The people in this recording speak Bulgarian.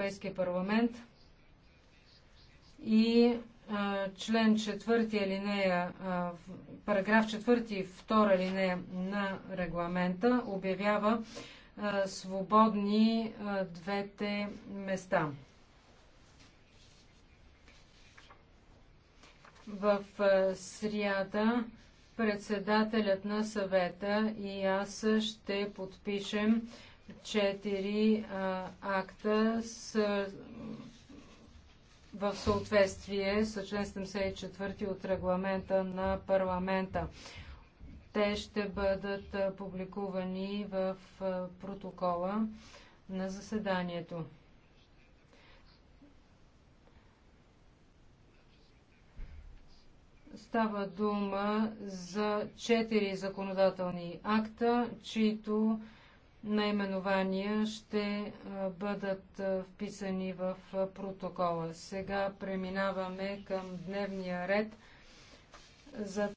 Европейския парламент и а, член 4 алинея, а, параграф 4, втора алинея на регламента обявява а, свободни а, двете места. В а, сряда председателят на съвета и аз ще подпишем четири а, акта с, в съответствие с член 74 от регламента на парламента. Те ще бъдат публикувани в протокола на заседанието. Става дума за четири законодателни акта, чието наименования ще бъдат вписани в протокола. Сега преминаваме към дневния ред за